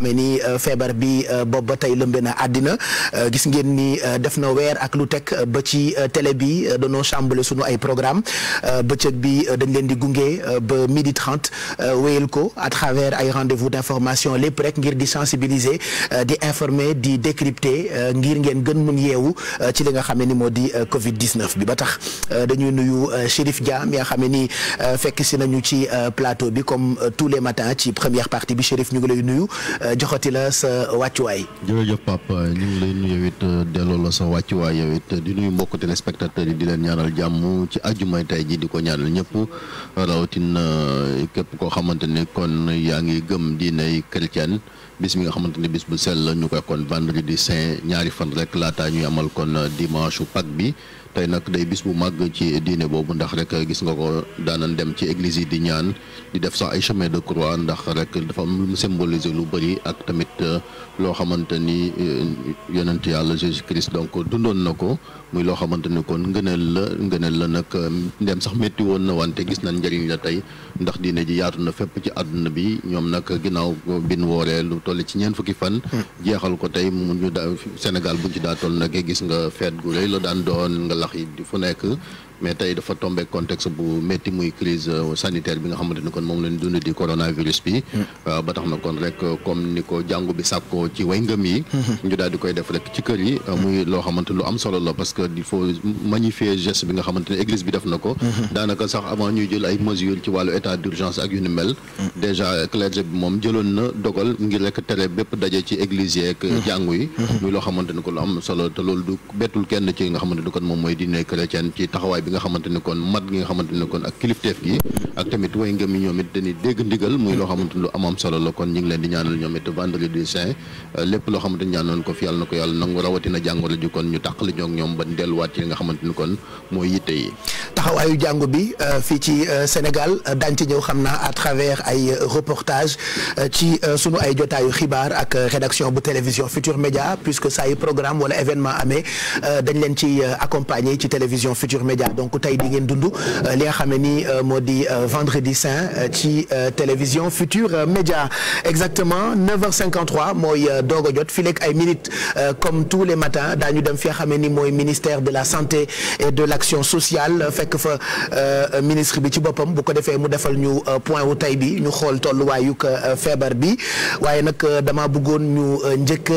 xamee ni euh, feebar bi euh, boobu ba tey lëmbe na àddina euh, gis ngeen ni def na weer ak lu tek ba ci télé bi danoo chamblé suñu ay programme bëccëg bi dañ leen di gunge ba midi 30 wéyal ko à travers ay rendez-vous d'information lépp rek ngir di sensibiliser di informer di décrypter ngir ngeen gën mun yeewu ci li nga xam ne ni moo di Covid 19 bi ba tax dañuy nuyu Chérif Dia mi nga xam ne ni fekk si nañu ci plateau bi comme tous les matins ci première partie bi Chérif ñu ngi lay nuyu. joxati la sa wàccuwaay. jërëjëf Pape ñu ngi lay nuyu it delloo la sa wàccuwaay yow it di nuyu mbokk téléspectateurs yi di leen ñaanal jàmm ci àjjumay tey ji di ko ñaanal ñëpp rawatina eh, képp koo xamante ni kon yaa ngi gëm diiney chrétien bis mi nga xamante ni bis bu sell ñu koy kon vendredi saint ñaari fan rek laata ñuy amal kon dimanche Pâques bi. tey nag day bis bu màgg ci diine boobu ndax rek gis nga ko daana dem ci église yi di ñaan di def sax ay chemin de croix ndax rek dafa am lu mu symboliser lu bari ak tamit loo xamante ni eh, yonent yàlla Jésus Christ donc dundoon na ko muy loo xamante ni kon ngëneel la ngëneel la nag eh, ndem sax métti woon na wante gis nañ njëriñ la tey ndax diine ji yaatu na fépp ci àdduna bi ñoom nag ginnaaw bin wooree lu toll ci ñeent fukki fan. Hmm. jeexal ko tey mu ñu daa Sénégal bu ci daa toll nag gis nga feet gu rëy la daan doon nga lax yi fu nekk. mais tey dafa tombé contexte bu métti muy crise euh, sanitaire bi nga xamante ni kon moom lañ dund di coronavirus bi. Hmm. Euh, euh, bi ci way ngëm yi mm-hmm. ñu daal di koy def rek ci kër yi euh, muy loo xamante lu am solo la parce que il faut magnifier geste bi nga xamante ne église bi def na ko mm-hmm. daanaka sax avant ñuy jël ay mesures ci wàllu état d'urgence ak yu ni mel mm-hmm. déjà moom jëloon na dogal ngir rek tere bépp daje ci église yeek jàngu yi muy loo ko lu am solo te loolu du bettul kenn ci kon moom mooy diine chrétienne ci taxawaay bi nga xamante ne kon mat gi nga xamante ne kon ak yi ñoom it dañuy dégg ndigal muy loo xamante ne kon ñu ngi leen di ñaanal ñoom it vendredi saint Euh, lépp loo xamante ni ñaanoon ko fi yàlla na ko yàlla nangu rawatina jàngoro ji kon ñu tàqali ñoog ñoom ba delluwaat ci nga xamante kon mooy yitte yi. taxawaayu jàngo bi euh, fii ci euh, Sénégal daañu ci ñëw xam na à travers ay reportage ci sunu ay jotaayu xibaar ak rédaction bu télévision Futur Média puisque saa yu programme wala événement amee dañ leen ci accompagner ci télévision Futur Média donc tey di ngeen dund li nga xam ne ni moo di vendredi saint ci télévision Futur Média koy euh, jot fi lekk ay minutes euh, comme tous les matins daañu dem fi nga xamee ni mooy ministère de la santé et de l'action sociale fekk fa euh, ministre bi ci boppam bu ko defee mu defal ñu point wu tey bi ñu xool tolluwaayu feebar bi waaye nag dama bëggoon ñu njëkk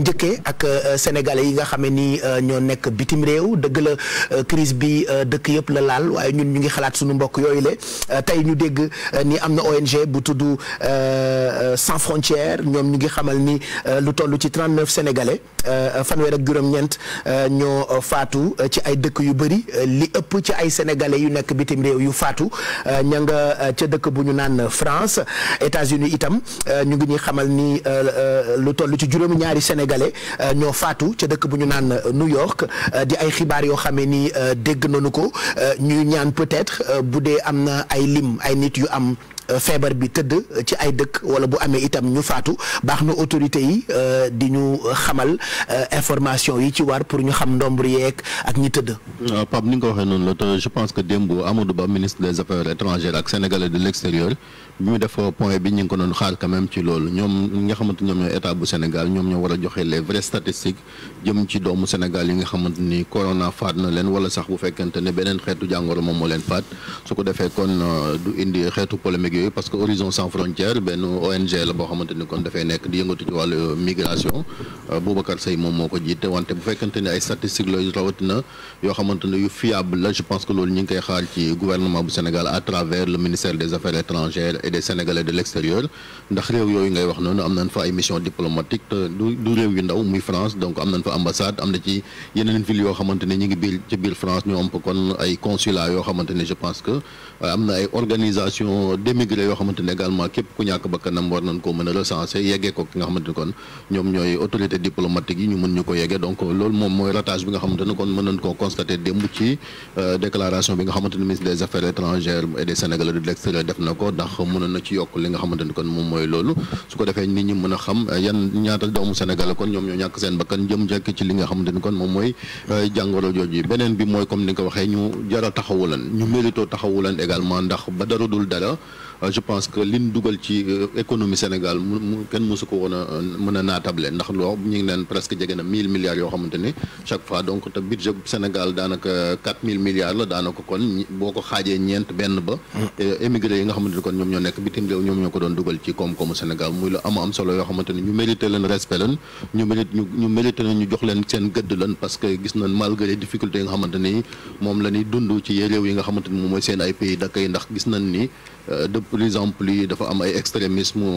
njëkkee ak sénégalais yi nga xamee ni ñoo nekk bitim réew dëgg la crise bi dëkk yëpp la laal waaye ñun ñu ngi xalaat suñu mbokk yooyu le tey ñu dégg ni am na ONG bu tudd sans frontières ñoom ñu Euh, lu toll ci 39 sénégalais euh, fanweer ak juróom-ñeent euh, ñoo faatu ci ay dëkk yu bëri li ëpp ci ay sénégalais yu nekk bitim réew yu faatu ña nga ca dëkk bu ñu naan France États-Unis itam ñu ngi ñuy xamal ni lu toll ci juróomi ñaari sénégalais ñoo faatu ca dëkk bu ñu naan New York di ay xibaar yoo xamee ni dégg nañu ko ñuy ñaan peut-être bu dee am na ay lim ay nit yu am. Euh, feebar bi tëdd ci ay dëkk wala bu amee itam ñu faatu baax na autorité yi euh, di ñu xamal euh, information yi ci war pour ñu xam ndombre yeeg ak ñi tëdd. Pape ni nga ko waxee noonu la te je pense que démb Amadou Ba ministre des affaires étrangères ak sénégalais de l'extérieur bi mu def point bi ñu ngi ko xaar quand même ci loolu ñoom ñi nga xamante ñoom ñooy état bu Sénégal ñoom ñoo war a joxe les vraies statistiques jëm ci doomu Sénégal yi nga xamante ni corona faat na leen wala sax bu fekkente ne beneen xeetu jàngoro moom moo leen faat ko defee kon du indi xeetu polémique yooyu parce que Horizon sans frontières benn ONG la boo xamante kon dafay nekk di yëngatu ci wàllu euh, migration euh, Boubacar Seye moom moo ko jiite wante bu fekkante ni ay statistiques la rawatina yoo xamante yu fiable la je pense que loolu ñu ngi koy xaar ci gouvernement bu Sénégal à travers le ministère des affaires étrangères et des Sénégalais de l'extérieur ndax réew yooyu ngay wax noonu am nañ fa ay mission diplomatique du réew yu ndaw muy France immigré yoo xamante def na ko ndax mënoon na ci yokk li nga xamante kon moom mooy loolu su ko defee nit ñi mën xam euh, yan ñaata doomu sénégalais kon ñoom ñoo ñàkk seen bakkan jëm jekk ci li nga xamante kon moom mooy euh, jàngoro jooju beneen bi mooy comme ni nga ko ñu jara taxawulan ñu mérito taxawulan également ndax ba dara dul dara Euh, je pense que liñ dugal ci euh, économie Sénégal mu kenn mosu ko woon a mën a naatable ndax loo ñu ngi naan presque jege na 1000 milliards yoo xamante ni chaque fois donc te budget Sénégal daanaka 4000 milliards la daanaka kon boo ko xaajee ñeent benn ba. Euh, émigré yi nga xamante kon ñoom ñoo nekk bitim réew ñoom ñoo ko doon dugal ci koom-koomu Sénégal muy la am am solo yoo xamante ñu mérité leen respect leen ñu mérité ñu ñu mérité leen ñu jox leen seen gëdd leen parce que gis yi nga xamante ni moom la ñuy dund ci gis nañ ni plus en plus dafa am ay extrémisme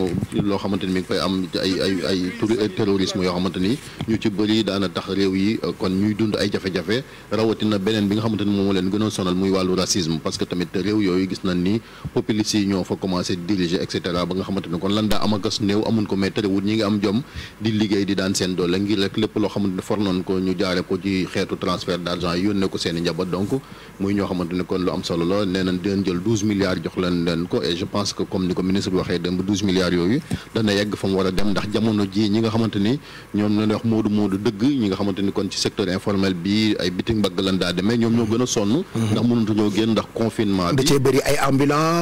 loo xamante mi ngi fay am ay yoo xamante ni ñu ci bëri daana tax réew yi kon ñuy dund ay jafe-jafe rawatina beneen bi nga xamante moom leen gënoon sonal muy wàllu racisme parce que tamit réew yooyu gis nañ ni populistes yi ñoo fa commencé diriger et ba nga xamante kon lan daa am akas néew amun ko mais terewul ñi ngi am jom di liggéey di daan seen doole ngir rek lépp loo xamante ni ko ñu i je pense que comme ni ko ministre bi waxee dem ba milliards yooyu dana yegg fa mu war dem ndax jamono ji ñi nga xamante ni ñoom la wax moodu moodu dëgg ñi nga xamante ni kon ci secteur informel bi ay bitim mbagg lan daa demee ñoom ñoo gën a sonn ndax mënatu ñoo génn ndax confinement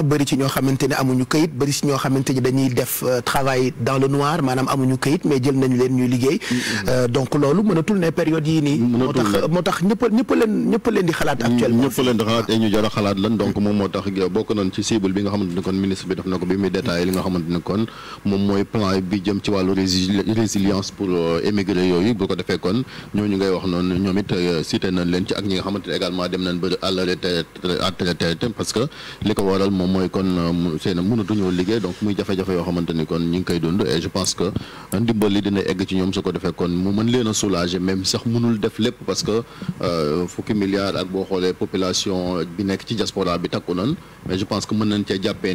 bi ñoo xamante ne amuñu këyit bëri ci ñoo xamante euh, maanaam amuñu këyit mais jël nañu leen ñuy liggéey mm-hmm. euh, donc loolu mënatul ne période yii nii moo tax moo tax ñëpp ñëpp leen ñëpp leen di mm, nga xamante kon ministre bi def na ko bi muy détaillé li nga xamante ne kon moom mooy plan bi jëm ci wàllu résilience pour euh, émigré yooyu bu ko defee kon ñooñu ngay wax noonu ñoom it euh, cité nañ leen ci ak ñi nga xamante ne également dem nañ ba à la retraite parce que li ko waral moom mooy kon seen euh, mënatuñoo liggéey donc muy jafe-jafe yoo xamante ni kon ñi ngi koy dund et je pense que ndimbal li dina egg ci ñoom su ko defee kon mu mën leen a soulager même sax mënul def lépp parce que fukki milliards ak boo xoolee population bi nekk ci diaspora bi takku nan mais je pense que mën nañ cee jàppee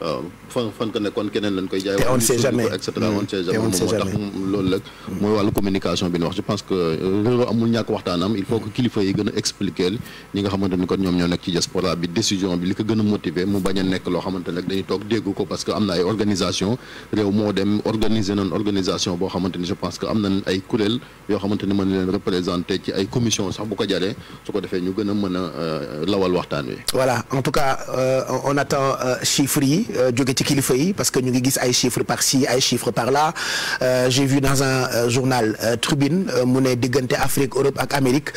waaw fan fan ko nekkoon keneen lañ koy jaay. te on ne sait jamais et cetera on ne sait mm. jamais moom moo tax loolu rek. mooy wàllu communication bi ñu wax je pense que euh, réew amul ñàkk waxtaanam il faut que kilifa yi gën ni kon ñoom ñoo nekk ci diaspora bi décision bi li ko gën a motiver mu bañ a nekk loo xamante ne dañuy toog dégg ko parce que am na ay organisation réew moo dem organiser nañ organisation boo xamante ni je pense que am nañ ay kuréel yoo xamante ni a leen représenter ci ay commission sax bu ko jaree su ko defee ñu gën mën a euh, lawal waxtaan wi. voilà en tout cas euh, yi. Euh, jóge ci kilifa yi parce que ñu ngi gis ay chiffres par ci ay chiffres par là euh, j'ai vu dans un euh, journal Tribune mu ne diggante Afrique Europe ak Amérique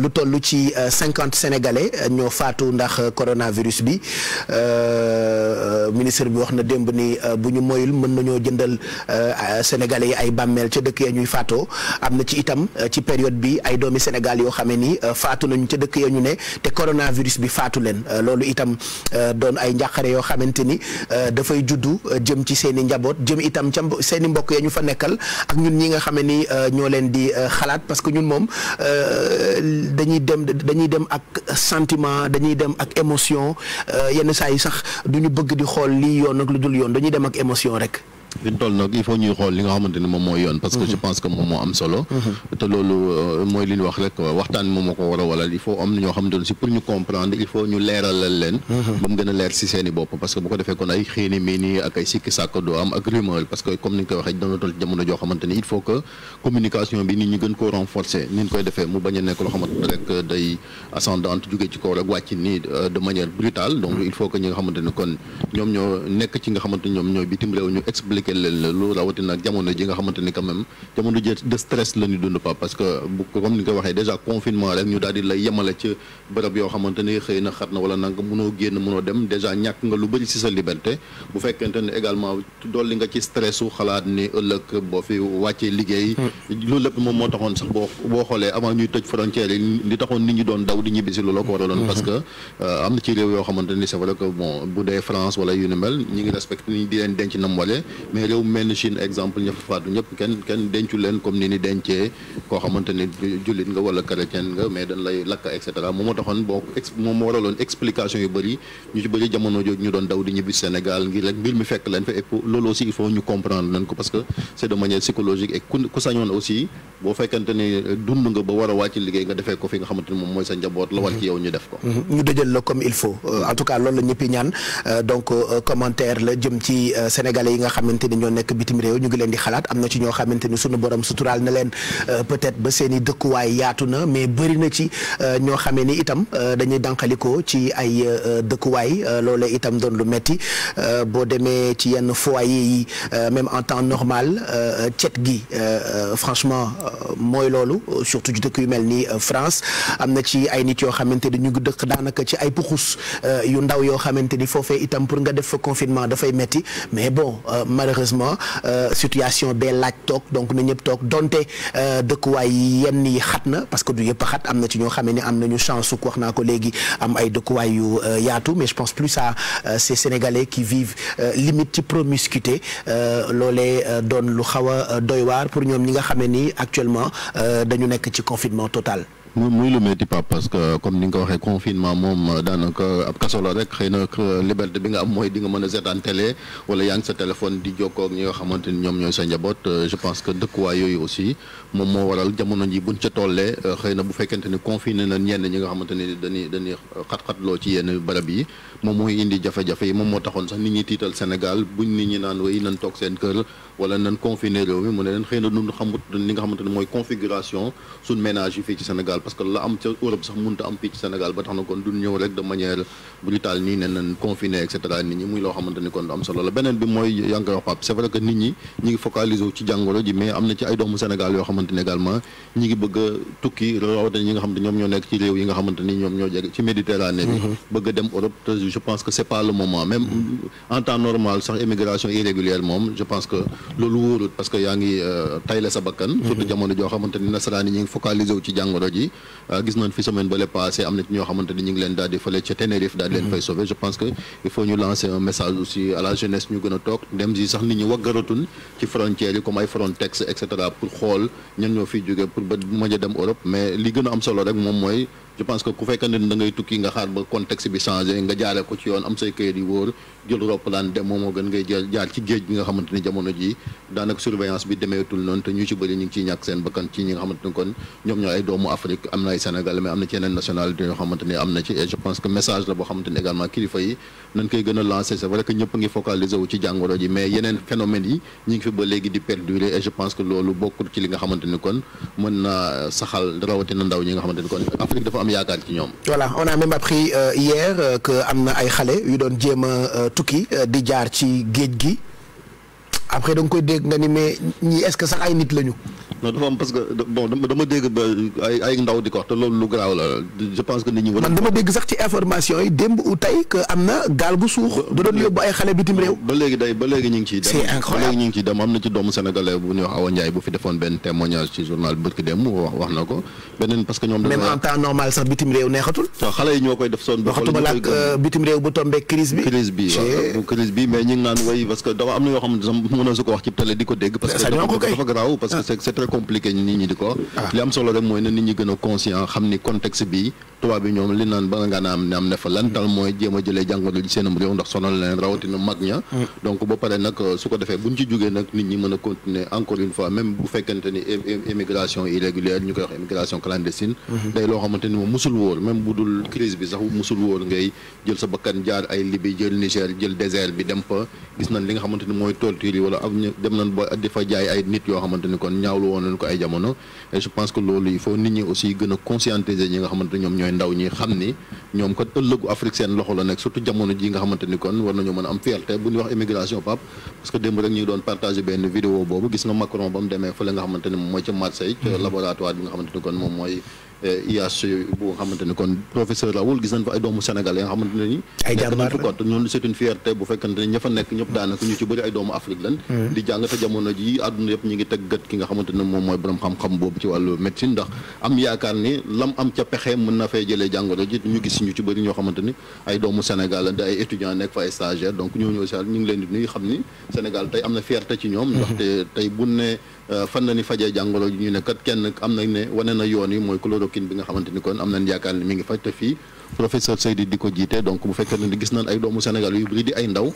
lu toll ci cinquante sénégalais ñoo faatu ndax coronavirus bi ministre bi wax na démb ni bu ñu moyul mën nañoo jëndal sénégalais yi ay bàmmeel ca dëkk ya ñuy faatoo am na ci itam ci période bi ay doomi Sénégal yoo xam ne ni faatu nañu ca dëkk ya ñu ne te coronavirus bi faatu leen loolu itam doon ay njàqare Euh, dafay juddu euh, jëm ci seen i njaboot jëm itam ca seeni mbokk ya ñu fa nekkal ak ñun ñi nga xam ne ni euh, ñoo leen di xalaat parce que ñun moom dañuy dem dañuy dem ak sentiment dañuy dem ak émotion yenn saa yi sax du ñu bëgg di xool lii yoon ak lu dul yoon dañuy dem ak émotion rek. fi ñu toll nag il faut ñuy xool li nga xamante moom mooy yoon parce que je pense que moom moo am solo te loolu euh, mooy li wax rek waxtaan moom moo ko war a walal il faut am na ñoo xamante si pour ñu comprendre il faut ñu leeralal leen ba mu gën a leer si seen bopp parce que bu ko defee kon ay xiini miini ak ay sikki sàkk du am ak rumeur parce que communication bi nit ñi gën koo renforcer ni koy defee mu bañ a nekk loo xamante ne rek day ascendante jógee ci kaw rek wàcc nii euh, de manière brutale donc il faut que ñi nga compliqué leen la lu rawatina ak jamono ji nga xamante ni quand jamono ji de stress la ñu dund pas ni nga waxee déjà confinement rek ñu daal la yemale ci bërëb yoo xamante xëy na xat na wala nanga mënoo génn mënoo dem déjà ñàkk nga lu bëri ci sa liberté bu fekkente ne également dolli nga ci stressu xalaat ni ëllëg boo fi wàccee liggéey mm. loolu lépp moom moo taxoon sax boo xoolee avant ñuy tëj frontières yi taxoon nit ñi doon daw di ñibbi si ko waraloon mm-hmm. mais réew mel ni Chine exemple ña fa faatu ñëpp kenn kenn dencu leen comme ni ni dencee koo xamante jullit nga wala chrétien nga mais dañ lay lakk et moom moo taxoon boo moo waraloon explication yu bëri ñu def ko. Mm-hmm. Mm-hmm. ñu dëjal la comme il faut euh, en tout cas loolu la ñaan euh, donc euh, commentaire la jëm ci sénégalais yi nga xamante xamante ni ñoo nekk bitim réew ñu ngi leen di xalaat am na ci ñoo xamante ni sunu borom suturaal na leen euh, peut-être ba seeni i dëkkuwaay yaatu na mais bëri na ci euh, ñoo xamee ni itam euh, dañuy dànqalikoo ci ay dëkkuwaay loolee itam doon lu metti boo demee ci yenn foyer même en temps normal cet gi franchement mooy loolu surtout ci dëkk yu mel ni France am na ci ay nit yoo xamante ni ñu ngi dëkk daanaka ci ay puxus yu ndaw yoo xamante ni foofee itam pour nga def fa confinement dafay metti mais bon malheureusement euh, situation bee laaj toog donc na ñëpp toog donte euh, dëkkuwaay yi yenn yi xat na parce que du yëpp xat am na ci ñoo xamee ni am nañu chance su wax naa ko léegi am ay dëkkuwaay yu euh, yaatu mais je pense plus à ces Sénégalais qui vivent limite ci promiscuité loole doon lu xaw a doy waar pour ñoom ñi nga xamee ni actuellement dañu nekk ci confinement total. muy lu métti Pape parce que comme ni nga ko waxee confinement moom euh, daanaka ab kaso la rek xëy na euh, liberté bi nga am mooy dinga mën a seetaan télé wala yaa ngi sa téléphone di jokkoo ñi nga xamante ni ñoom ñooy sa njaboot euh, je pense que dëkkuwaay yooyu aussi moom moo waral jamono ji buñ ca tollee xëy na bu fekkente ni confiné na ñenn ñi nga xamante ni dañuy dañuy xat-xatloo ci yenn barab yi moom mooy indi jafe-jafe yi moom moo taxoon sax nit ñi tiital Sénégal buñ nit ñi naan way nan toog seen kër wala nan confiné réew mi leen xëy na nun xamut li nga xamante ni mooy configuration suñ ménage yi fii ci Sénégal parce que la am ca Europe sax mënut a am fii Sénégal ba tax na kon du ñëw rek de manière brutale nii ne nañ confiné et nit ñi muy loo xamante ni kon du am solo la beneen bi mooy yaa ngi koy wax Pape c'est vrai que nit ñi ñi na ci ay nga ñoom ñoo nekk ci réew yi nga xamante ni ñoom ñoo jege ci Méditerranée bi mm-hmm. bëgg a dem Europe te moom je que loolu parce que yaa ngi euh, tayle sa bakkan mm-hmm. surtout jamono joo xamante ni nasaraan yi ñu ngi focaliser wu ci jàngoro ji Euh, gis nañ fi semaine bale passé am na ñoo xamante ni ñu ngi leen daal di fële ca Tenerife daal di leen fay sauver je pense que il faut ñu lancer un message aussi à la jeunesse ñu gën a toog dem si sax nit ñi waggaratun ci frontières yi comme ay Frontex et cetera pour xool ñan ñoo fiy jóge pour ba mën a dem Europe mais li gën a am solo rek moom mooy je pense que ku fekkante ne da ngay tukki nga xaar ba contexte bi changé nga jaaree ko ci yoon am say kayit yu wóor jël roppalaan dem moo gën ngay jaar ci géej bi nga xamante ni jamono ji daanaka surveillance bi demeetul noonu te ñu ci bëri ñu ngi ciy ñàkk seen bakkan ci ñi nga xamante ni kon ñoom ñoo ay doomu Afrique am na ay Sénégal mais am na ci yeneen nationalité yoo et je pense que message la boo xamante également kilifa yi nañ koy gën a lancé c'est vrai que ngi focaliser wu ci jàngoro ji mais yeneen phénomène yi ñi ngi fi loolu bokkul ci li nga xamante ni kon mën na saxal rawatina yaakaar ñoom. voilà on a même appris euh, hier euh, que am na ay xale yu doon jéem a euh, tukki di jaar ci géej gi. après da nga koy dégg nga ni mais ñii est sax ay nit lañu. non dafa am parce que bon dama dégg ay ndaw di ko wax loolu lu garaaw la je pense que nit ñi. war dama dégg sax ci information yi démb ou tey que am na gaal gu suux. da doon yóbbu ay xale bitim réew. ba léegi day ba léegi ngi ciy am na ci doomu sénégalais bu ñuy wax Awa bu fi defoon benn témoignage ci journal bi bëgg dem wax wax na ko beneen parce que ñoom. dañoo am na yoo xam mënoo su ko wax ci télé di ko dégg. parce que c'est très compliqué nit ñi di ko. Ah. li am solo rek mooy ne nit ñi gën a xam ni contexte bi tubaab bi ñoom li naan ba nga naan am ne fa lan mooy jéem a jëlee jàngoro ji ndax sonal leen rawatina mag ña. Hmm. donc ba nag euh, su ko defee buñ ci jógee nag nit ñi mën a continuer encore une fois même bu fekkente ni immigration irrégulière ñu koy wax immigration clandestine. Hmm. day loo xamante ni moom musul loolu ak ñu dem nañ ba di fa jaay ay nit yoo xamante ni kon ñaawlu woon nañ ko ay jamono et je pense que loolu il faut nit ñi aussi gën a ñi nga xamante ñoom ñooy ndaw ñi xam ni ñoom kat ëllëgu Afrique seen loxo la nekk surtout jamono ji nga xamante ni kon war nañoo mën a am fierté bu ñuy wax immigration pap parce que démb rek ñu ngi doon partagé benn vidéo boobu gis nga Macron ba mu demee fële nga xamante ni mooy ca Marseille mm-hmm. laboratoire bi nga xamante IH eh, bu nga xamante ni kon professeur Raoul gis nañ fa ay doomu Sénégal yi nga xamante ne nii. ay jàmbaar lañ te ñun c'est une fierté bu fekkante ne ña nekk ñëpp daanaka ñu ci bëri ay doomu Afrique lañ. Hmm. ji àdduna yëpp ngi teg gët ki nga xamante ne moom mooy borom xam-xam boobu ci wàllu médecine ndax am yaakaar ni lam am ca pexe mën na fay jëlee jàngoro ji ñu gis ñu ci bëri ñoo xamante ni ay doomu Sénégal lañ étudiants nekk fa ay stagiaires donc ñooñu aussi ñu ngi leen di nuyu xam ni Sénégal tey am na fierté ci ñoom hmm. ndaxte tey bu Euh, fan na ni fajee jàngoro ñu ne kat kenn am na ne wane na yoon yi mooy chloroquine bi nga xamante ni kon am nañ yaakaar ne mi ngi faj te fii professeur Seydi di ko jiite donc bu fekkee ne gis nañ ay doomu Sénégal yu bëri di ay ndaw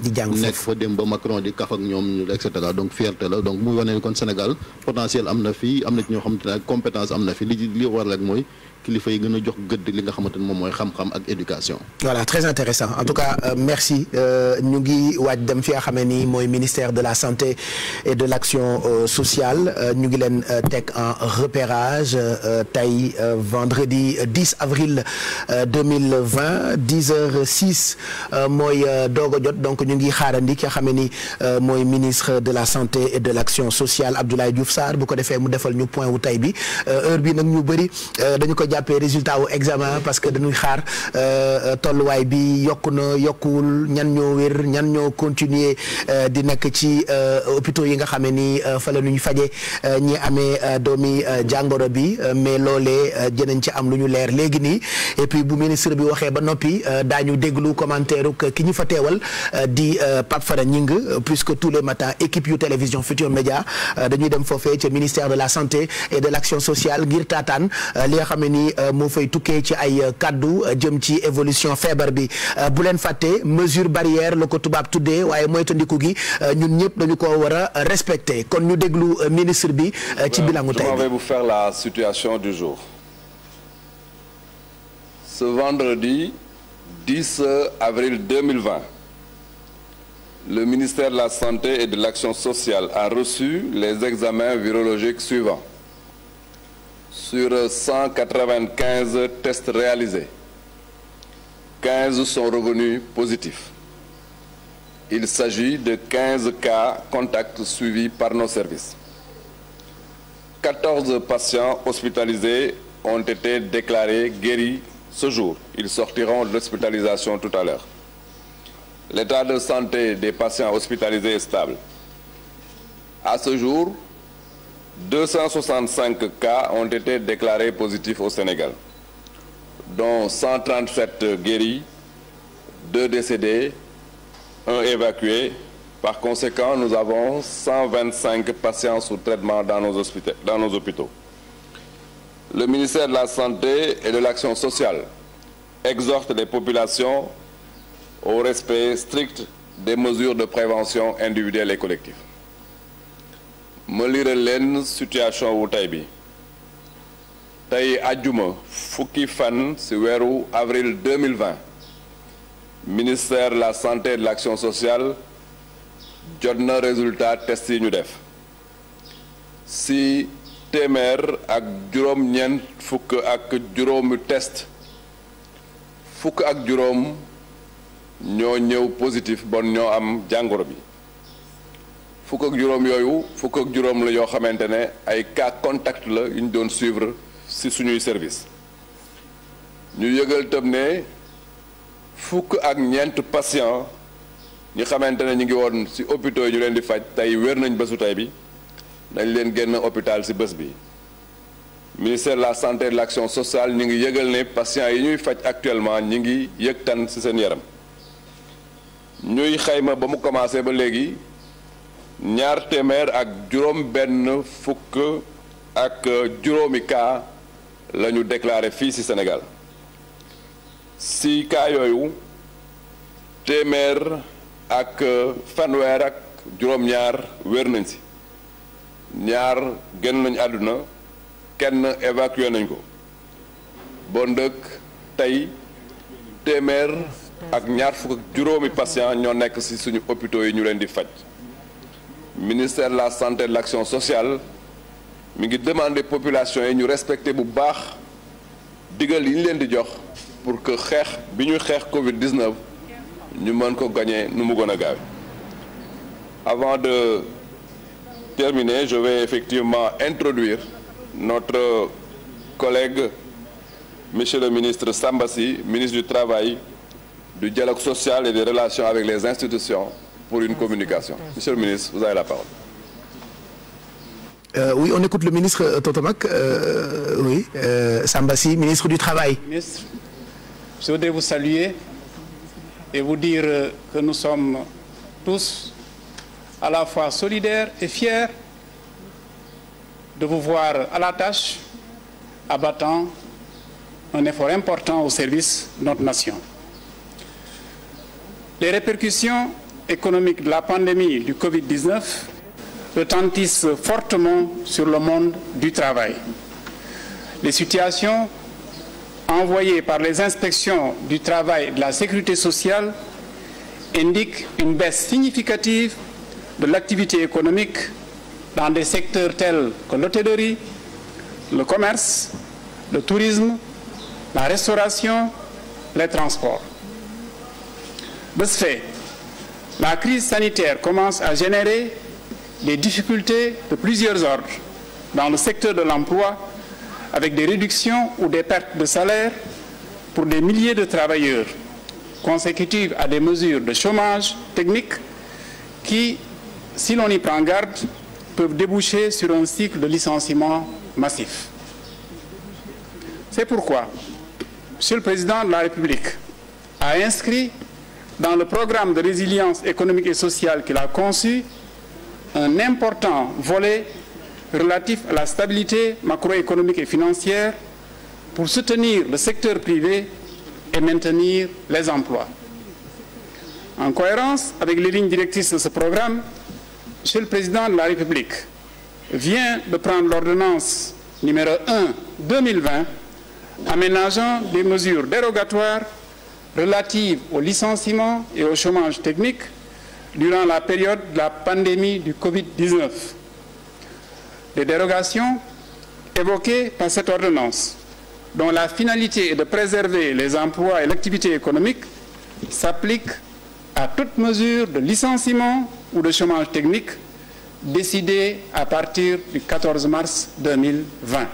nekk fa dem ba Macron di kaf ak ñoom et cetera donc fierté la donc muy wane ni kon Sénégal potentiel am na fii am na ci ñoo xamante ne compétence am na fi li li war rek mooy kilifa yi gën a jox gëdd li nga xamante ni moom mooy xam-xam ak éducation. voilà très intéressant en tout cas euh, merci euh, ñu ngi waaj dem fi nga xam ne nii mooy ministère de la santé et de l'action euh, sociale ñu ngi leen teg en repérage tey vendredi 10 avril 2020 10 heures 6 mooy doog jot donc ñu ngi xaarandi ki nga xam ne nii mooy ministre de la santé et de l'action sociale Abdoulaye Diouf Sarr bu ko defee mu defal ñu point u tey bi heure bi nag ñu bëri dañu ko jàppee résultat wu examen parce que dañuy xaar euh, tolluwaay bi yokku na yokkuwul ñan ñoo wér ñan ñoo continuer euh, di nekk ci euh, hôpitaux yi nga xam ne ni fa la ñuy faje ñi amee doomi jàngoro bi mais loolee jënañ ci am lu ñu leer léegi nii et puis bu ministre bi waxee ba noppi daañu déglu commentaire ki ñu fa teewal di Pape Fara Ñing puisque tous les matins équipe yu télévision Futurs Médias dañuy dem foofee ca ministère de la santé et de l'action sociale ngir taataan Euh, moo fay tukkee ci ay euh, kaddu euh, jëm ci évolution feebar bi bu leen fàtte mesure barrière la ko tubaab tuddee waaye moytandiku gi ñun ñëpp dañu ko war a respecter kon ñu déglu ministre bi ci bilangu tey je m'en vais vous faire la situation du jour ce vendredi 10 avril le ministère de la santé et de l'action sociale a reçu les examens virologiques suivants sur 195 tests réalisés, 15 sont revenus positifs. Il s'agit de 15 cas contacts suivis par nos services. 14 patients hospitalisés ont été déclarés guéris ce jour. Ils sortiront de l'hospitalisation tout à l'heure. L'état de santé des patients hospitalisés est stable. À ce 265 cas ont été déclarés positifs au Sénégal, dont 137 guéris, 2 décédés, 1 évacué. Par conséquent, nous avons 125 patients sous traitement dans nos, dans nos hôpitaux. Le ministère de la Santé et sociale exhorte les populations au respect des mesures de prévention individuelle et collective. ma lire leen situation wu tey bi tey àjjuma fukki fan ci weeru avril 2020 ministère la santé et de l'action sociale jot na résultat test yi ñu def ci téeméer ak juróom-ñeent fukk test fukk ak juróom ñoo ñëw positif bon ñoo am jàngoro bi fukk ak juróom yooyu fukk ak juróom la yoo xamante ne ay cas contact la yu ñu doon suivre ci suñuy service ñu yëgal tam ne fukk ak ñeent patient ñi xamante ne ñu ngi woon ci hôpitaux yi ñu leen di faj tey wér nañ bésu tey bi dañ leen génn hôpital ci bés bi ministère la santé de l'action sociale ñu ngi yëgal ne patients yi ñuy faj actuellement ñi ngi yëg tan ci seen yaram ñuy xayma ba mu commencé ba léegi ñaar téeméer ak juróom benn fukk ak juróomi cas la ñu fii ci senegal ci kaa yooyu téeméer ak fanweer ak juróom-ñaar wér nañ ci ñaar génn nañ àdduna kenn évacué nañ ko bon ndëkk tey téeméer ak ñaar fukk ak juróomi patient ñoo nekk ci suñu hôpitaux yi ñu leen di faj ministère de la santé de l'action sociale mi ngi demander populations yi ñu respecter bu baax digal yi leen di jox pour que xeex bi ñuy xeex Covid 19 ñu mën ko gagner nu mu gën a gaawe avant de terminer je vais effectivement introduire notre collègue monsieur le ministre Samba Sy ministre du travail du dialogue social et des relations avec les institutions pour communication. Monsieur le ministre, vous avez la parole. Euh, oui, on écoute le ministre euh, Totomak, euh, oui, euh, Sambassi, ministre du Travail. je voudrais vous saluer et vous dire euh, que nous sommes tous à la fois solidaires et fiers de vous voir à la tâche, abattant un effort important au service de notre nation. Les répercussions économique de la pandémie du Covid-19 retentissent fortement sur le monde du travail. Les situations envoyées par les inspections du travail de la sécurité sociale indiquent une baisse significative de l'activité économique dans des secteurs tels que l'hôtellerie, le commerce, le tourisme, la restauration, les transports. De la crise sanitaire commence à générer des difficultés de plusieurs ordres dans le secteur de l'emploi, avec des réductions ou des pertes de salaire pour des milliers de travailleurs, consécutives à des mesures de chômage techniques qui, si l'on y prend garde, peuvent déboucher sur un cycle de licenciement massif. C'est pourquoi, Monsieur le Président de la République a inscrit dans le programme de résilience économique et sociale qu'il a conçu, un important volet relatif à la stabilité macroéconomique et financière pour soutenir le secteur privé et maintenir les emplois. En cohérence avec les lignes directrices de ce programme, Monsieur le Président de la République vient de prendre l'ordonnance numéro 1-2020 aménageant des mesures dérogatoires relatives au licenciement et au chômage technique durant la période de la pandémie du Covid-19. Les dérogations évoquées par cette ordonnance, dont la finalité est de préserver les emplois et l'activité économique, s'appliquent à toute mesure de licenciement ou de chômage technique décidée à partir du 14 mars 2020.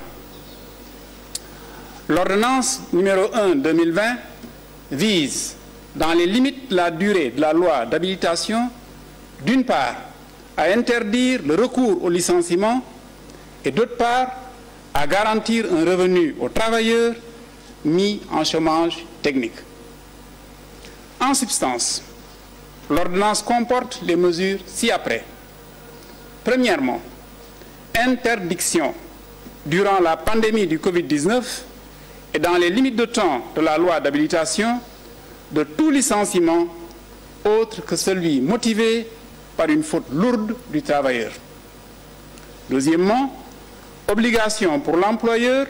L'ordonnance numéro 1 2020 vise, dans les limites la durée de la loi d'habilitation, d'une part, à interdire le recours au licenciement et d'autre part, à garantir un revenu aux travailleurs mis en chômage technique. En substance, l'ordonnance comporte les mesures ci-après. Premièrement, interdiction durant la pandémie du Covid-19 dans les limites de temps de la loi d'habilitation de tout licenciement autre que celui motivé par une faute lourde du travailleur. Deuxièmement, obligation pour l'employeur,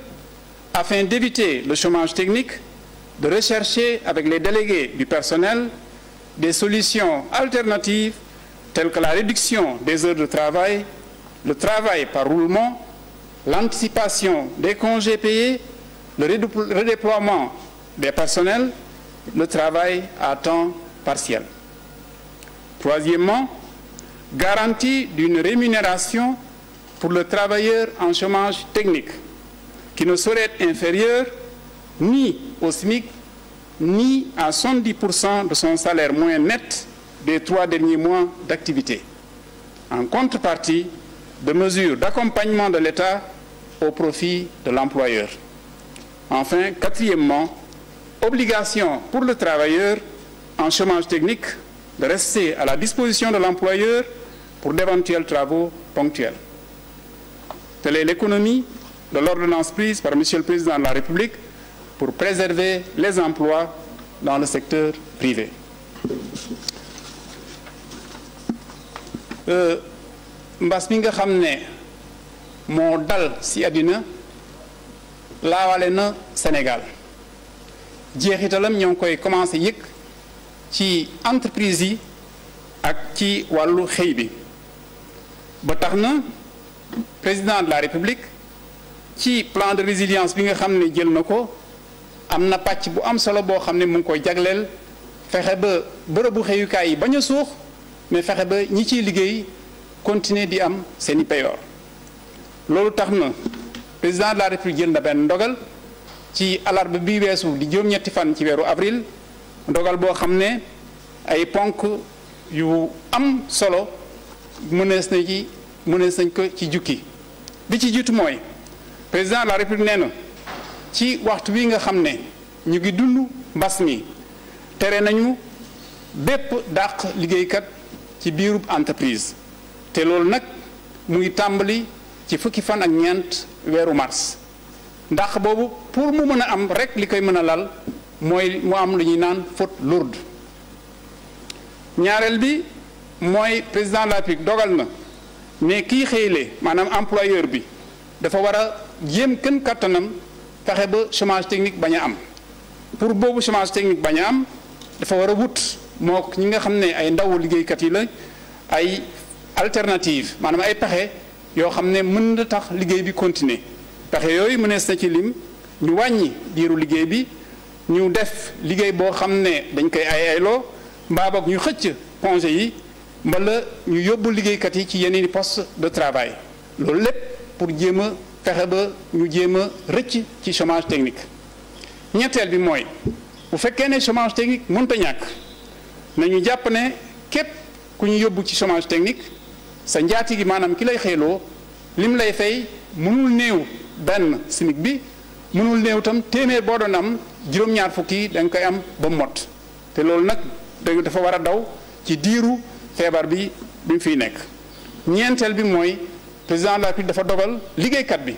afin d'éviter le chômage technique, de rechercher avec les délégués du personnel des solutions alternatives telles que la réduction des heures de travail, le travail par roulement, l'anticipation des congés payés le redéploiement des personnels, le travail à temps partiel. Troisièmement, garantie d'une rémunération pour le travailleur en chômage technique qui ne saurait être inférieur ni au SMIC ni à 70% de son salaire moyen net des trois derniers mois d'activité, en contrepartie de mesures d'accompagnement de l'État au profit de l'employeur. Enfin, quatrièmement, obligation pour le travailleur en chômage technique de rester à la disposition de l'employeur pour d'éventuels travaux ponctuels. Telle est l'économie de l'ordonnance prise par M. le Président de la République pour préserver les emplois dans le secteur privé. Euh, mbas mi nga xam ne moo dal ci àddina laawale na Sénégal jeexitalam ñoo ngi koy commencé yëg ci entreprise yi ak ci wàllu xëy bi ba tax na président de la république ci plan de résilience bi nga xam ne jël na ko am na pàcc bu am solo boo xam ne mu ngi koy jagleel fexe ba bërëbu xëyukaay yi bañ a suux mais fexe ba ñi ciy liggéey continuer di am seeni payoor loolu tax na président de la république jël na benn ndogal ci alarba bi weesu di juróom-ñetti fan ci weeru avril ndogal boo xam ne ay ponk yu am solo mënees na ci mënees nañ ko ci jukki bi ci jiitu mooy président de la république nee na ci waxtu wi nga xam ne ñu ngi dund mbas mi tere nañu bépp dàq liggéeykat ci biiru entreprise te loolu nag mu ngi tàmbali ci fukki fan ak ñeent weeru mars ndax boobu pour mu mën a am rek li koy mën a lal mooy mu am lu ñuy naan faute lourde ñaareel bi mooy président de la République dogal na mais kii xëyle maanaam employeur bi dafa war a jéem kën kattanam fexe ba chômage technique bañ a am pour boobu chômage technique bañ a am dafa war a wut mook ñi nga xam ne ay ndaw liggéeykat yi la ay alternative maanaam ay pexe yoo xam ne mën na tax liggéey bi continuer pexe yooyu mënee na lim ñu wàññi diiru liggéey bi ñu def liggéey boo xam ne dañ koy ay ayloo mbaa ñu xëcc congé yi mbala ñu yóbbu liggéeykat yi ci yeneen i poste de travail loolu lépp pour jéem a fexe ba ñu jéem a rëcc ci chômage technique ñetteel bi mooy bu fekkee ne chômage technique mënta ñàkk nañu jàpp ne képp ku ñu yóbbu ci chômage technique sa njaati gi maanaam ki lay xeeloo lim lay fay mënul néew benn SMIC bi mënul néew tam téeméer boo doon am juróom-ñaar fukki da koy am ba mot te loolu nag dafa war a daw ci diiru feebar bi bi mu nekk ñeenteel bi mooy président dafa dogal liggéeykat bi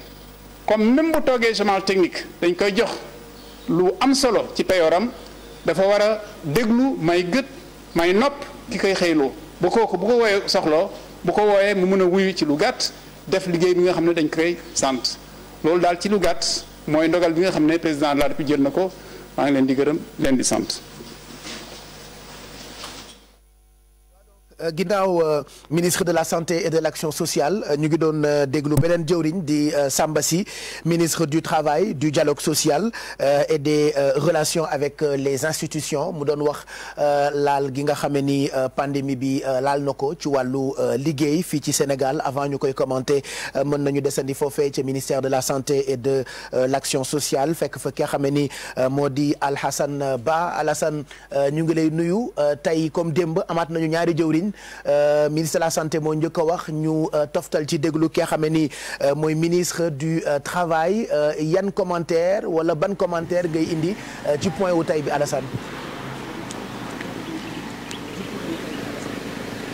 comme même bu toogee chômage technique dañ koy jox lu am solo ci peyooram dafa war a déglu may gët may nopp ki koy xëyloo bu ko bu ko woyee soxloo bu ko wooyee mu mën a wuyu ci lu gàtt def liggéey bi nga xam ne dañ koy sant loolu daal ci lu gàtt mooy ndogal bi nga xam ne président de la République jël na ko maa ngi leen di gërëm leen di sant Euh, ginnaaw euh, ministre de la santé et de l'action sociale euh, ñu ngi doon déglu beneen jëwriñ di Samba Sy ministre du travail du dialogue social et des relation avec les institutions mu doon wax laal gi nga xamee ni pandémie bi laal na ko ci wàllu liggéey fii ci Sénégal avant ñu koy commenter mën nañu desandi foofee ci ministère de la santé et de l'action sociale fekk fa ki nga xamee ni moo di Alhassane Ba Alhassane ñu ngi lay nuyu tey comme démb amaat nañu ñaari jëwriñ Tine euh, ministre de santé moo njëkk a wax ñu euh, toftal ci déglu ki nga xam ne ni euh, mooy ministre du travail yan commentaire wala ban commentaire ngay indi ci point wu tey bi Alassane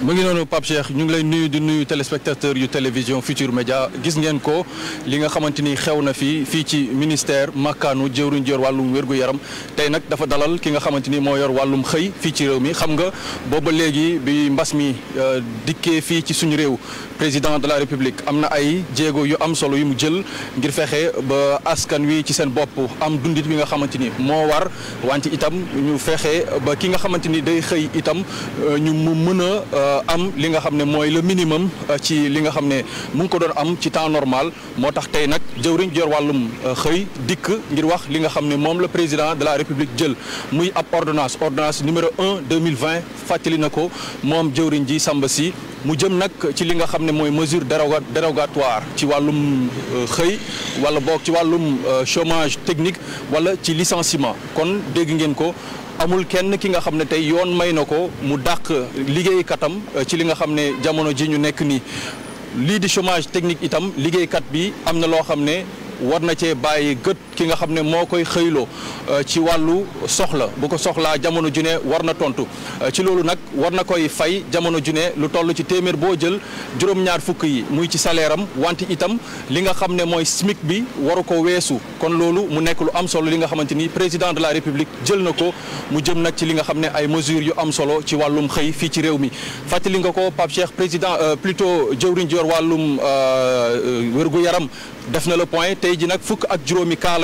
mu ngi noonu Pape Cheikh ñu ngi lay nuyu di nuyu téléspectateur yu télévision Futur Média gis ngeen ko li nga xamante ni xew na fii fii ci ministère makkaanu jëwriñ jor wàllum wér-gu-yaram tey nag dafa dalal ki nga xamante ni moo yor wàllum xëy fii ci réew mi xam nga booba léegi bi mbas mi euh, dikkee fii ci suñu réew président de la république am na ay jéego yu am solo yu mu jël ngir fexe ba askan wi ci seen bopp am dundit bi nga xamante ni moo war wante itam ñu fexe ba ki nga xamante ni day xëy itam euh, ñu mu mën a euh, am li nga xam ne mooy le minimum euh, ci li nga xam ne mu ngi ko doon am ci temps normal moo tax tey nag jëwriñ jor wàllum xëy dikk ngir wax li nga xam ne moom la président de la république jël muy ab ordonnance ordonnance numéro 1 2020 fàttali na ko moom jëwriñ ji Samba si ne mooy mesure déroga dérogatoire ci wàllum euh, xëy wala boog ci wàllum euh, chomage technique wala ci licenciement kon dégg ngeen ko amul kenn ki nga xam ne tey yoon may na ko mu dàq liggéeykatam euh, ci li nga xam ne jamono ji ñu nekk ni lii di chômage technique itam liggéeykat bi am na loo xam ne war na cee bàyyi gët ki nga xam ne moo koy xëyloo euh, ci wàllu soxla bu ko soxlaa jamono junee war na tontu euh, ci loolu nag war na koy fay jamono junee lu toll ci téeméer boo jël juróom-ñaar fukk yi muy ci salaire am wante itam li nga xam ne mooy SMIC bi waru ko weesu kon loolu mu nekk lu am solo li nga xamante ni président de la république jël na ko mu jëm nag ci li nga xam ne ay mesures yu am solo ci wàllum xëy fii ci réew mi fàttali nga ko Pape Cheikh président euh, plutôt jëwriñ jor wàllum wérgu yaram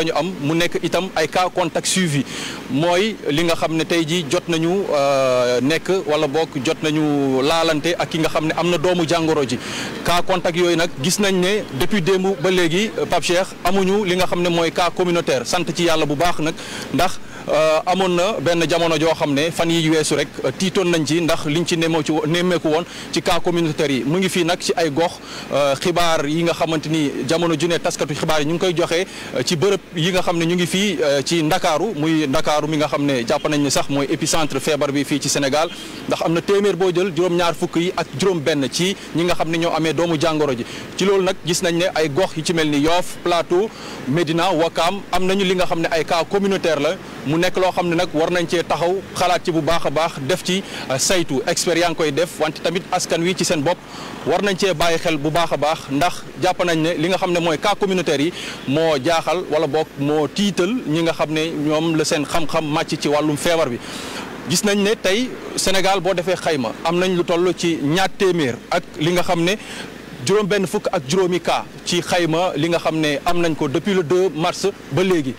ñu am mu nekk itam ay cas contact suivi mooy li nga xam ne tey jii jot nañu euh, nekk wala boog jot nañu laalante ak ki nga xam ne am na doomu jàngoro ji cas contact yooyu nag gis nañ ne depuis démb ba léegi Pape amuñu li nga xam ne mooy kaa communautaire sant ci yàlla bu baax nag ndax Euh, amoon na benn jamono joo xam ne fan yi weesu rek euh, tiitoon nañ ci ndax liñ ci nemoo ci nemmeeku woon ci kaa communautaire yi mu ngi fii nag ci ay gox euh, xibaar yi nga xamante ni jamono ju ne taskatu xibaar yi ñu ngi koy joxe ci bërëb yi nga xam ne ñu ngi fii ci ndakaaru muy ndakaaru mi nga xam ne jàpp nañ ni sax mooy épicentre feebar bi fii ci Sénégal ndax am na téeméer boo jël juróom-ñaar fukk yi ak juróom benn ci ñi nga xam ne ñoo amee doomu jàngoro ji ci loolu nag gis nañ ne ay gox yi ci mel ni Yoff Plateau Médina Wakam am nañu li nga xam ne ay cas communautaire la mu nekk loo xam ne nag war nañ cee taxaw xalaat ci bu baax a baax def ci euh, saytu expert koy def wante tamit askan wi ci seen bopp war nañ cee bàyyi xel bu baax a baax ndax jàpp nañ ne li nga xam ne mooy cas communautaire yi moo jaaxal wala boog moo tiital ñi nga xam ne ñoom la seen xam-xam màcc ci wàllum feebar bi. gis nañ ne tey Sénégal boo defee xayma am nañ lu toll ci ñaat téeméer ak li nga xam ne. juróom benn fukk ak juróomi cas ci xayma li nga xam ne am nañ ko depuis le 2 mars ba léegi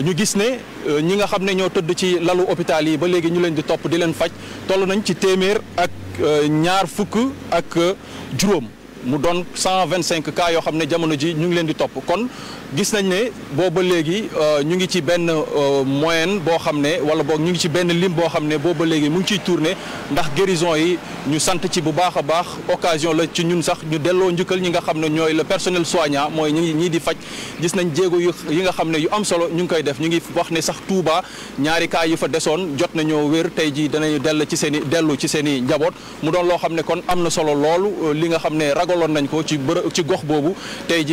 ñu gis ne euh, ñi nga xam ne ñoo tëdd ci lalu hôpital yi ba léegi ñu leen di topp di leen faj toll nañ ci téeméer ak euh, ñaar fukk ak euh, juróom mu doon cent cinq cas yoo xam ne jamono ji ñu ngi leen di topp kon gis nañ ne booba léegi euh, ñu ngi ci benn euh, moyenne boo xam ne wala boog ñu ngi ci benn lim boo xam ne booba léegi mu ngi ciy tourné ndax guérison yi ñu sant ci bu baax a baax occasion la ci ñun sax ñu delloo njukkal ñi nga xam ne ñooy la personnel soignant mooy ñi ñii di faj gis nañ jéego yu yi nga xam ne yu am solo ñu ngi koy def ñu ngi wax ne sax Touba ñaari cas yi fa desoon jot nañoo wér tey jii danañu dell ci seen i dellu ci seen i njaboot mu doon loo xam ne kon am na solo loolu euh, li nga xam ne ragoloon nañ ko ci bërë ci gox boobu tey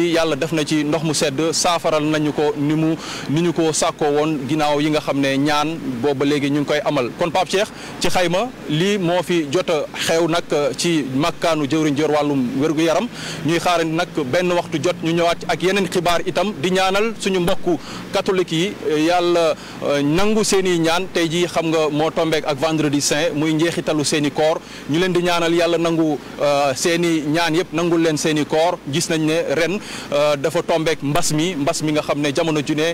na ci ndox mu sedd saafaral nañu ko ni mu ni ñu ko sàkkoo woon ginnaaw yi nga xam ne ñaan booba léegi ñu ngi koy amal kon Pape Cheikh ci xayma lii moo fi jot a xew nag euh, ci makkaanu jëwriñ jor wàllum wérgu yaram ñuy xaarandi nag benn waxtu jot ñu ñëwaat ak yeneen xibaar itam di ñaanal suñu mbokku catholique yi euh, yàlla euh, nangu seen i ñaan tey jii xam nga moo tombeek ak vendredi saint muy njeexitalu seen i koor ñu leen di ñaanal yàlla nangu seen i ñaan yëpp nangul leen seeni i koor gis nañ ne ren mi mbas mi nga xam ne jamono ju ne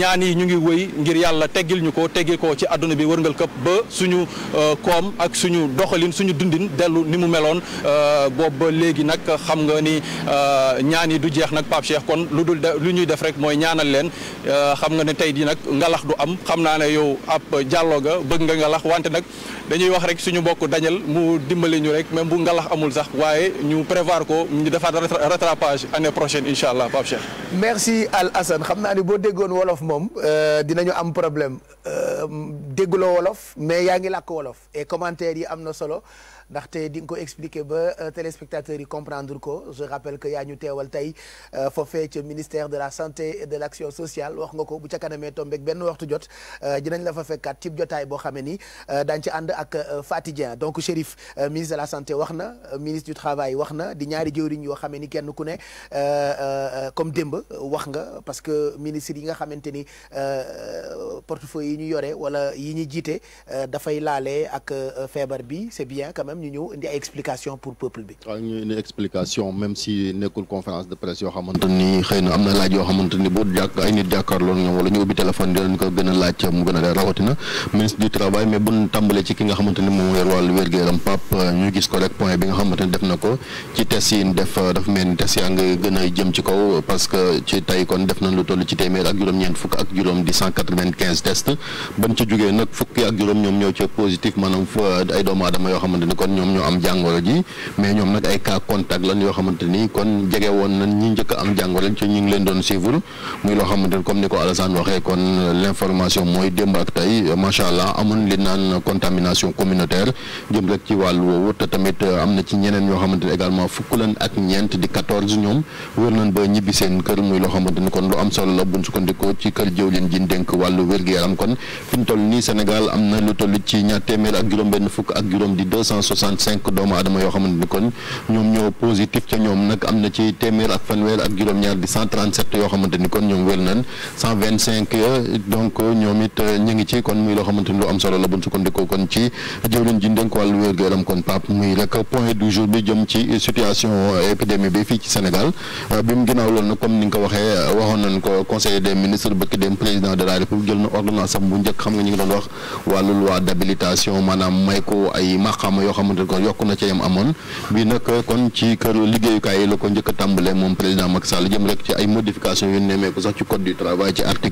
ñaan yi ñu ngi wëy ngir yàlla teggil ñu ko teggil ko ci àdduna bi wërngal këpp ba su ñu euh, koom ak suñu doxalin suñu dundin dellu ni mu meloon euh, boobu ba léegi nag xam nga ni euh, ñaan yi du jeex nag Pape kon lu dul lu ñuy def rek mooy ñaanal leen xam nga ne tey di nag ngalax du am xam naa ne yow ab jàlloo bëgg nga ngalax wante nag dañuy wax rek suñu mbokk dañal mu dimbali ñu rek même bu ngalax amul sax waaye ñu prévoir ko ñu defaat rattrapage année prochaine incha allah si Al assan xam na ni boo déggoon wolof moom euh, dinañu am problème euh, dégguloo wolof mais yaa ngi lakk wolof et commentaire yi am na solo ndaxte di nga ko expliquer ba euh, téléspectateurs yi comprendre ko je rappelle que yaa ñu teewal tey euh, foofee ca ministère de la santé et de l' sociale wax nga ko bu ca kanamee tombeeg benn waxtu jot euh, dinañ la fa fekkaat cib jotaay boo xamee ni daañu ci ànd ak Faty donc Chérif ministre de la santé wax na ministre du travail wax na di ñaari jëwriñ yoo xamee ni kenn ku ne comme démb wax nga parce que ministre yi nga xamante ni portefeuille yi ñu yore wala yi ñu jiite dafay laale ak feebar bi c' est bien quand même ñu ñëw indi ay explication pour si nekkul conférence de presse yoo xamante xëy na am na laaj yoo xamante boo jàkk ay nit jàkkaarloo ñoom wala ñu ubbi téléphone a nga xamante moom yor wàllu pap ñu gis ko rek point bi nga xamante def na ko ci test yi def dafa mel test yaa ngi gën jëm ci kaw parce que ci tey kon def nañ lu toll ci téeméer ak juróom-ñeent fukk ak juróom di test bañ ci jógee nag fukki ak juróom ñoom ñoo ci positif maanaam kon ñoom ñoo am jàngoro ji mais ñoom nag ay cas contact lan yoo xamante ni kon jege woon nañ ñi njëkk am jàngoro ci ñu ngi leen doon suivre muy loo xamante ni comme ni ko Alassane waxee kon l' mooy démb ak tey macha allah amoon li naan contamination communautaire jëm rek ci wàllu woowu te tamit am na ci ñeneen yoo xamante ni également fukk lan ak ñeent di 14 ñoom wër nañ ba ñibbi seen kër muy loo xamante ni kon lu am solo la buñ sukkandikoo ci kër jëw leen jiñ dénk wàllu wér-gu-yaram kon fi ñu toll nii 65 doomu aadama yoo xamante kon ñoom ñoo positif ca ñoom nag am na ci téeméer ak fanweer ak juróom-ñaar di 137 yoo xamante kon ñoom wér nañ 125 ya donc ñoom it euh, ñu ci kon muy loo xamante lu am solo la bu ñu kon ci jëwriñ ji dénk wàllu euh, euh, ko waxee waxoon de la maanaam may ko ay maqaama yoo xam xamante ne kon yokk na ca yam amoon bi nag kon ci këru liggéeyukaay yi la ko njëkk a tàmbalee moom président Macky Sall jëm rek ci ay modification yu nemmeeku sax ci code du travail ci article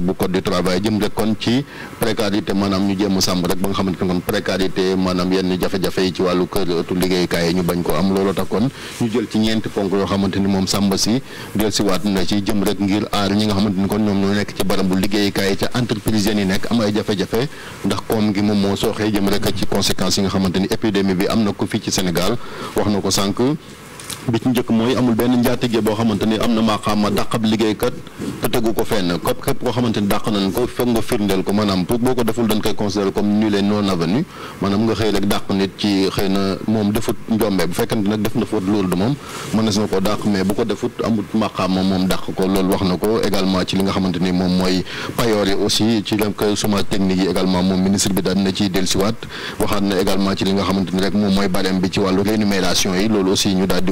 bu code du travail jëm rek kon ci précarité maanaam ñu jéem a rek ba nga xamante kon précarité maanaam yenn jafe-jafe yi ci wàllu këru liggéeyukaay yi ñu bañ koo am looloo tax kon ñu jël ci ñeenti ponk yoo xamante moom sàmba si del si waat na ci jëm rek ngir aar gi moom moo sooxee jëm rek ci conséquences yi nga xamante ni épidémie bi am na ko fii ci Sénégal wax na ko sànq. bi ci njëkk mooy amul benn njaatige boo xamante ni am na maqaama dàqab liggéeykat te tegu ko fenn képp képp koo xamante ni dàq nañ ko fekk nga firndeel ko maanaam boo ko deful dañ koy considéré comme nul et non avenu maanaam nga xëy rek dàq nit ci xëy na moom defut njombe bu fekkente nag def na faute loolu du moom mënees na ko dàq mais bu ko defut amul maqaama moom dàq ko loolu wax na ko également ci li nga xamante ni moom mooy payoor yi aussi ci rek chômage moom ministre bi daan na ciy dellusiwaat waxaat nga xamante ni rek mooy barème bi ci wàllu rémunération loolu aussi ñu daal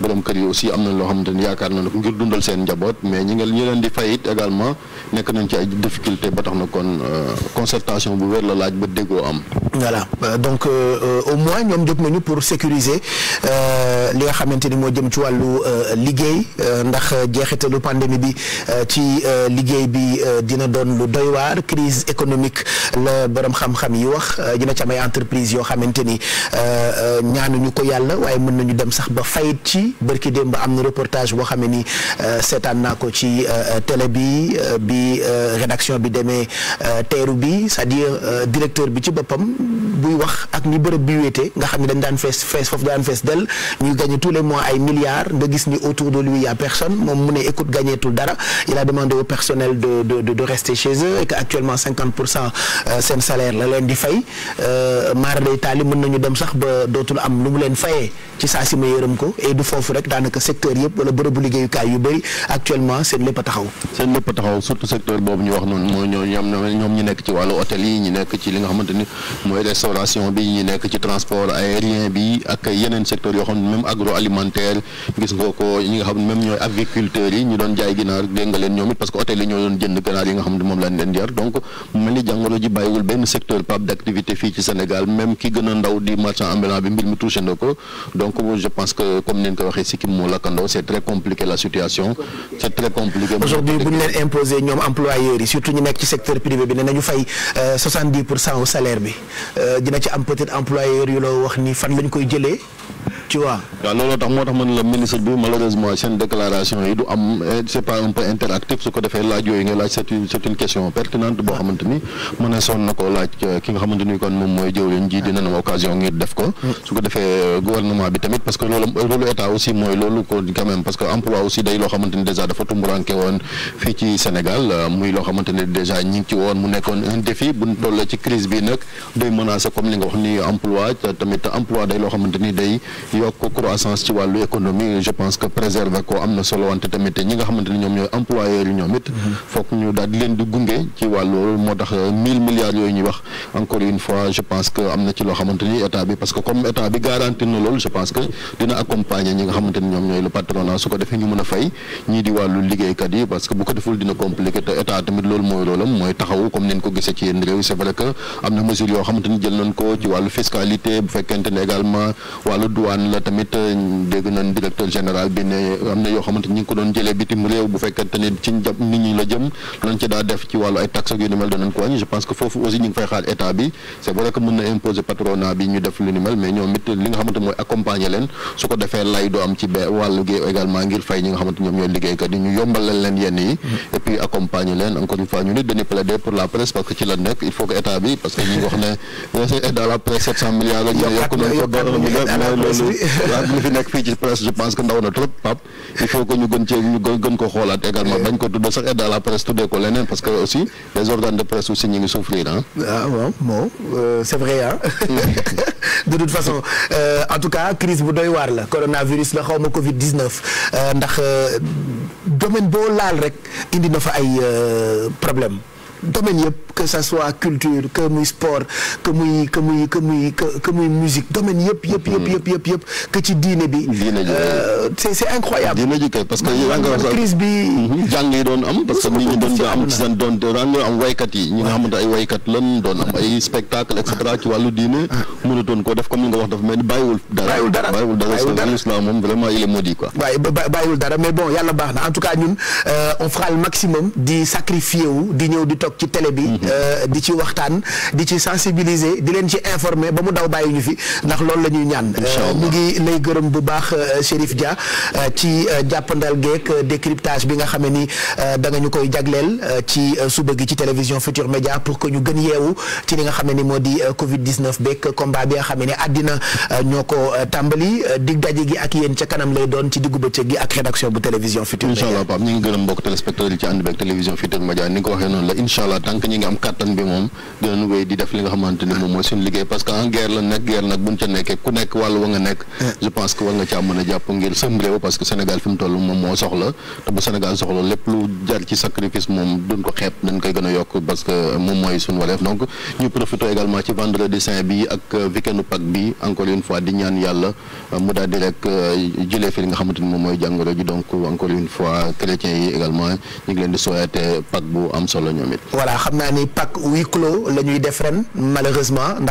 borom kër yi aussi am na loo xamante ni yaakaar na ngir dundal seen njaboot mais ñi nga ñi leen di fay it également nekk nañ ci ay difficulté ba tax na kon euh, concertation bu wér la laaj ba déggoo am. voilà euh, donc euh, au moins ñoom jóg nañu pour sécuriser li nga xamante ni moo jëm ci wàllu liggéey ndax jeexitalu pandémie bi ci liggéey bi dina doon lu doy waar crise économique la borom xam-xam yi wax dina ci am ay entreprise yoo xamante ni ñaanuñu ko yàlla waaye mën nañu dem sax ba fayit ci bërki démb am na reportage boo xam ne ni euh, seetaan naa ko ci euh, télé bi euh, bi rédaction bi demee teeru bi c'est-à-dire directeur bi ci boppam buy wax ak ni bërëb bi wéete nga xam ne dañ daan fees fees foofu daan fees del ñuy gagné tous les mois ay milliards nga gis ni autour de lui y personne moom mu ne écoute gagnétul dara il a demandé au personnel de de de rester eux et actuellement cinquante pour cent seen salaire la leen di fay maara day taali mën nañu dem sax ba dootul am lu leen fayee ci saa si ma yërëm ko et du foofu rek daanaka secteur yëpp wala bërëbu liggéeyukaay yu bëri actuellement seen lépp a taxaw. seen lépp a taxaw surtout secteur boobu ñu wax noonu mooy ñoom ñoom ñu nekk ci wàllu hôtel yi ñu nekk ci li nga xamante ni mooy restauration bi ñu nekk ci transport aérien bi ak yeneen secteur yoo xam ne même agroalimentaire gis nga ko ñi nga xam ne même ñooy agriculteurs yi ñu doon jaay ginaar dégg nga leen ñoom it parce que hôtel yi ñoo doon jënd ginaar yi nga xam ne moom lañ leen jar donc mel ni jàngoro ji bàyyiwul benn secteur pap d'activité fii ci Sénégal même ki gën a ndaw di marchand ambulant bi mbir mi touché na ko donc je pense que comme ni ngeen waxee sikkim moo lakkandoo c' est très compliqué la situation. c' est très compliqué. aujourd'hui bu ñu leen imposer ñoom employeurs yi surtout ñu nekk ci secteur privé bi ne nañu fay euh, au salaire bi euh, dina ci am peut-être employeur yu loo wax ni fan lañ koy jëlee. tu vois. waaw looloo tax moo tax man la ministre bi malheureusement seen déclaration yi du am eh, c'est pas un peu interactif su ko defee laaj yooyu nga laaj c'est question pertinente boo xamante ni mu ko laaj eh, ki nga xamante kon moom mooy jëwriñ ji dina am occasion ngir def ko. Mm. su ko defee eh, gouvernement bi tamit parce que loolu état aussi mooy loolu ko quand parce que emploi aussi day loo xamante ni dafa tumburanke woon fii yi yokk croissance ci wàllu économie je pense que préserver ko am na solo wante tamit ñi nga xamante ñoom ñooy employeurs yi ñoom mhm. ñu daal di leen di gunge ci wàllu moo tax euh, mille milliards yooyu ñuy wax encore une fois je pense que am na ci loo xamante état bi parce que comme état bi garanti na loolu je pense que dina accompagner ñi nga xamante ñoom ñooy le patronat su ko defee ñu mën a fay ñii di wàllu liggéeykat yi parce que bu ko deful wàllu douane la tamit euh, dégg nañ directeur général bi ne euh, am na yoo xamante ñi ngi ko doon jëlee bitim réew bu fekkente ne ci jàpp nit ñi la jëm lañ ci daa def ci wàllu ay taxes ak yu ni mel ñu ngi li nga xamante mooy accompagner leen su ko defee lay do am ci be wàllu géey également ngir fay ñi nga xamante ñoom ñooy liggéeykat yi ñu yombalal leen yenn yi mm-hmm. et puis accompagner leen encore une fois ñu nit dañuy plaider pour la presse parce que ci la nekk il faut que waaye loolu waaye li fi nekk fii ci presse je pense que ndaw na trop Pape il faut que ñu gën cee ñu gën ko xoolaat également bañ ko tuddee sax aide à la presse tuddee ko leneen parce que aussi les de presse aussi ñu ngi souffrir ah. bon euh, c'est vrai ah. de toute façon euh, en tout cas crise bu doy waar la coronavirus la xaw ma Covid 19 euh, ndax domaine boo laal rek indi na fa ay problème domaine yëpp que ça soit culture que muy sport que muy que muy musique domaine yëpp yëpp yëpp yëpp yëpp yëpp ci diine bi diine ji euh, kay parce que yaa crise bi mhm. jàng yi doon am parce que nit ñi doon am ci seen doon doon am waykat yi ñi nga xamante ay waykat lan doon am ay spectacle et ci wàllu diine ah. mënatoon ko def comme li nga wax dafa mel ni bàyyiwul dara bàyyiwul dara bàyyiwul dara bàyyiwul dara mais bon yàlla baax na en tout cas ñun euh, on fera maximum di sacrifier ci télé bi. Mhm. Euh, di ci waxtaan di ci sensibiliser di leen ci informé ba mu daw bàyyi ñu fi ndax loolu la ñuy ñaan. mu euh, ngi lay gërëm bu baax euh, Chérif Dia ci jàppandal geek décryptage bi nga xam ni da ñu koy jagleel ci suba gi ci télévision Futur Média pour que ñu gën yeewu ci li nga xam ne ni moo di Covid 19 combat bi nga xam ne àddina ñoo ko tàmbali dig daje gi ak yéen ca kanam lay doon ci diggu bëccëg gi ak rédaction bu télévision Futur Média. incha allah Pape ni nga incha allah tant que ñi ngi am kattan bi moom dinañu wéy di def li nga xamante ni moom mooy suñu liggéey parce que en guerre la nekk guerre nag buñ ca nekkee ku nekk wàll wa nga nekk eh. je pense que war nga caa mën a moom moo soxla te bu Sénégal soxla lépp lu jar ci sacrifice ko xeeb dañ koy gën yokk parce que moom mooy suñu waleef donc ñu profité également ci vendredi saint bi ak weekendu Pâques bi encore une fois di ñaan yàlla mu daal di rek euh, jëlee fi li nga xamante ni moom mooy jàngoro ji donc encore une fois chrétiens yi également ñu ngi leen di sooyate Pâques bu am solo ñoom voilà xam naa ni Pâques wi clos la ñuy def ren malheureusement.